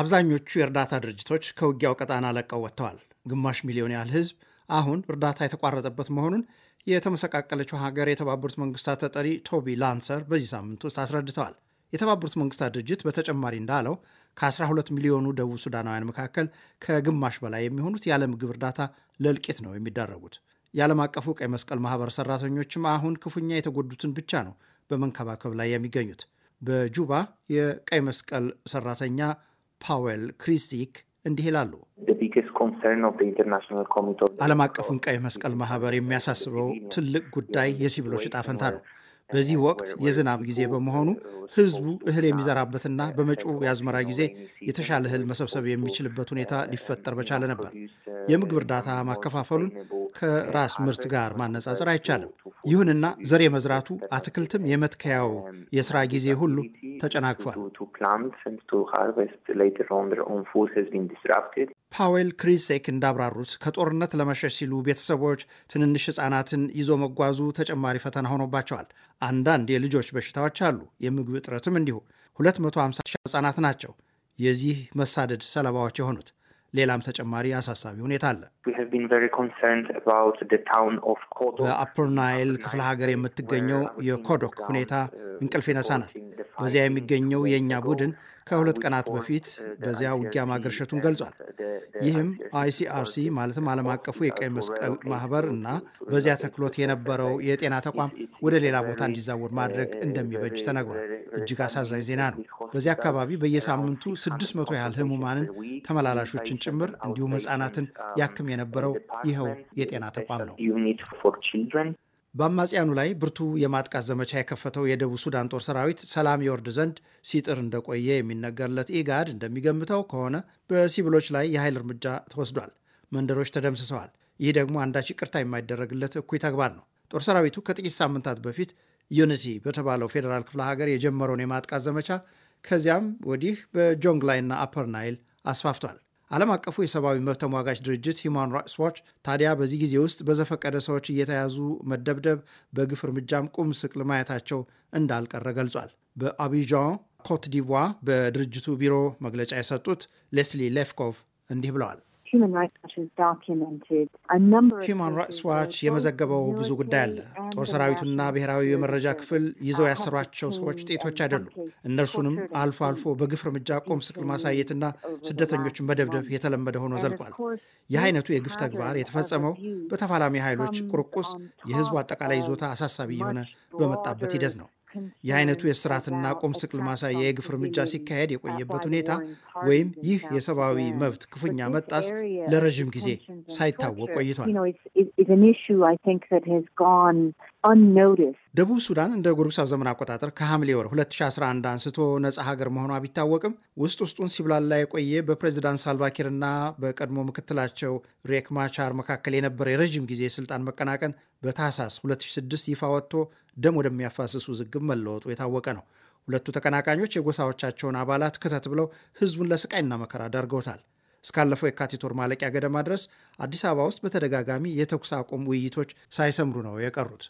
አብዛኞቹ የእርዳታ ድርጅቶች ከውጊያው ቀጣና ለቀው ወጥተዋል። ግማሽ ሚሊዮን ያህል ህዝብ አሁን እርዳታ የተቋረጠበት መሆኑን የተመሰቃቀለችው ሀገር የተባበሩት መንግስታት ተጠሪ ቶቢ ላንሰር በዚህ ሳምንት ውስጥ አስረድተዋል። የተባበሩት መንግስታት ድርጅት በተጨማሪ እንዳለው ከ12 ሚሊዮኑ ደቡብ ሱዳናውያን መካከል ከግማሽ በላይ የሚሆኑት ያለ ምግብ እርዳታ ለእልቂት ነው የሚዳረጉት። የዓለም አቀፉ ቀይ መስቀል ማህበር ሰራተኞችም አሁን ክፉኛ የተጎዱትን ብቻ ነው በመንከባከብ ላይ የሚገኙት። በጁባ የቀይ መስቀል ሰራተኛ ፓወል ክሪስቲክ እንዲህ ይላሉ። ዓለም አቀፉን ቀይ መስቀል ማህበር የሚያሳስበው ትልቅ ጉዳይ የሲቪሎች ዕጣ ፈንታ ነው። በዚህ ወቅት የዝናብ ጊዜ በመሆኑ ህዝቡ እህል የሚዘራበትና በመጪው የአዝመራ ጊዜ የተሻለ እህል መሰብሰብ የሚችልበት ሁኔታ ሊፈጠር በቻለ ነበር። የምግብ እርዳታ ማከፋፈሉን ከራስ ምርት ጋር ማነጻጸር አይቻልም። ይሁንና ዘር የመዝራቱ አትክልትም የመትከያው የስራ ጊዜ ሁሉ ተጨናግፏል። ፓዌል ክሪሴክ እንዳብራሩት ከጦርነት ለመሸሽ ሲሉ ቤተሰቦች ትንንሽ ሕፃናትን ይዞ መጓዙ ተጨማሪ ፈተና ሆኖባቸዋል። አንዳንድ የልጆች በሽታዎች አሉ። የምግብ እጥረትም እንዲሁ 250 ሺህ ሕፃናት ናቸው የዚህ መሳደድ ሰለባዎች የሆኑት። ሌላም ተጨማሪ አሳሳቢ ሁኔታ አለ። በአፐር ናይል ክፍለ ሀገር የምትገኘው የኮዶክ ሁኔታ እንቅልፍ ይነሳናል። በዚያ የሚገኘው የእኛ ቡድን ከሁለት ቀናት በፊት በዚያ ውጊያ ማገርሸቱን ገልጿል። ይህም አይሲአርሲ ማለትም ዓለም አቀፉ የቀይ መስቀል ማህበር እና በዚያ ተክሎት የነበረው የጤና ተቋም ወደ ሌላ ቦታ እንዲዛወር ማድረግ እንደሚበጅ ተነግሯል። እጅግ አሳዛኝ ዜና ነው። በዚህ አካባቢ በየሳምንቱ 600 ያህል ህሙማንን ተመላላሾችን ጭምር እንዲሁም ህጻናትን ያክም የነበረው ይኸው የጤና ተቋም ነው። በአማጽያኑ ላይ ብርቱ የማጥቃት ዘመቻ የከፈተው የደቡብ ሱዳን ጦር ሰራዊት ሰላም ይወርድ ዘንድ ሲጥር እንደቆየ የሚነገርለት ኢጋድ እንደሚገምተው ከሆነ በሲቪሎች ላይ የኃይል እርምጃ ተወስዷል። መንደሮች ተደምስሰዋል። ይህ ደግሞ አንዳች ይቅርታ የማይደረግለት እኩይ ተግባር ነው። ጦር ሰራዊቱ ከጥቂት ሳምንታት በፊት ዩኒቲ በተባለው ፌዴራል ክፍለ ሀገር የጀመረውን የማጥቃት ዘመቻ ከዚያም ወዲህ በጆንግላይና አፐር ናይል አስፋፍቷል። ዓለም አቀፉ የሰብአዊ መብት ተሟጋች ድርጅት ሂማን ራይትስ ዋች ታዲያ በዚህ ጊዜ ውስጥ በዘፈቀደ ሰዎች እየተያዙ መደብደብ፣ በግፍ እርምጃም ቁም ስቅል ማየታቸው እንዳልቀረ ገልጿል። በአቢጃን ኮትዲቯ በድርጅቱ ቢሮ መግለጫ የሰጡት ሌስሊ ሌፍኮቭ እንዲህ ብለዋል። ሂውማን ራይትስ ዋች የመዘገበው ብዙ ጉዳይ አለ። ጦር ሰራዊቱና ብሔራዊ የመረጃ ክፍል ይዘው ያሰሯቸው ሰዎች ጥቂቶች አይደሉም። እነርሱንም አልፎ አልፎ በግፍ እርምጃ ቆም ስቅል ማሳየትና ስደተኞችን መደብደብ የተለመደ ሆኖ ዘልቋል። ይህ አይነቱ የግፍ ተግባር የተፈጸመው በተፋላሚ ኃይሎች ቁርቁስ የህዝቡ አጠቃላይ ይዞታ አሳሳቢ የሆነ በመጣበት ሂደት ነው። ይህ አይነቱ የስርዓትና ቁም ስቅል ማሳያ የግፍ እርምጃ ሲካሄድ የቆየበት ሁኔታ ወይም ይህ የሰብአዊ መብት ክፉኛ መጣስ ለረዥም ጊዜ ሳይታወቅ ቆይቷል። ደቡብ ሱዳን እንደ ጉርብሳ ዘመን አቆጣጠር ከሐምሌ ወር 2011 አንስቶ ነፃ ሀገር መሆኗ ቢታወቅም ውስጥ ውስጡን ሲብላላ የቆየ በፕሬዚዳንት ሳልቫኪርና በቀድሞ ምክትላቸው ሬክ ማቻር መካከል የነበረ የረዥም ጊዜ የስልጣን መቀናቀን በታህሳስ 2006 ይፋ ወጥቶ ደም ወደሚያፋስሱ ውዝግብ መለወጡ የታወቀ ነው። ሁለቱ ተቀናቃኞች የጎሳዎቻቸውን አባላት ክተት ብለው ህዝቡን ለስቃይና መከራ ዳርገውታል። እስካለፈው የካቲት ወር ማለቂያ ገደማ ድረስ አዲስ አበባ ውስጥ በተደጋጋሚ የተኩስ አቁም ውይይቶች ሳይሰምሩ ነው የቀሩት።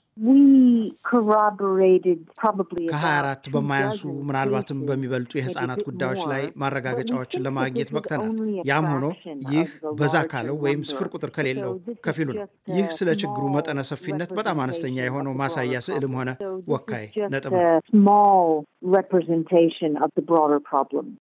ከ24 በማያንሱ ምናልባትም በሚበልጡ የህፃናት ጉዳዮች ላይ ማረጋገጫዎችን ለማግኘት በቅተናል። ያም ሆኖ ይህ በዛ ካለው ወይም ስፍር ቁጥር ከሌለው ከፊሉ ነው። ይህ ስለ ችግሩ መጠነ ሰፊነት በጣም አነስተኛ የሆነው ማሳያ ስዕልም ሆነ ወካይ ነጥብ ነው።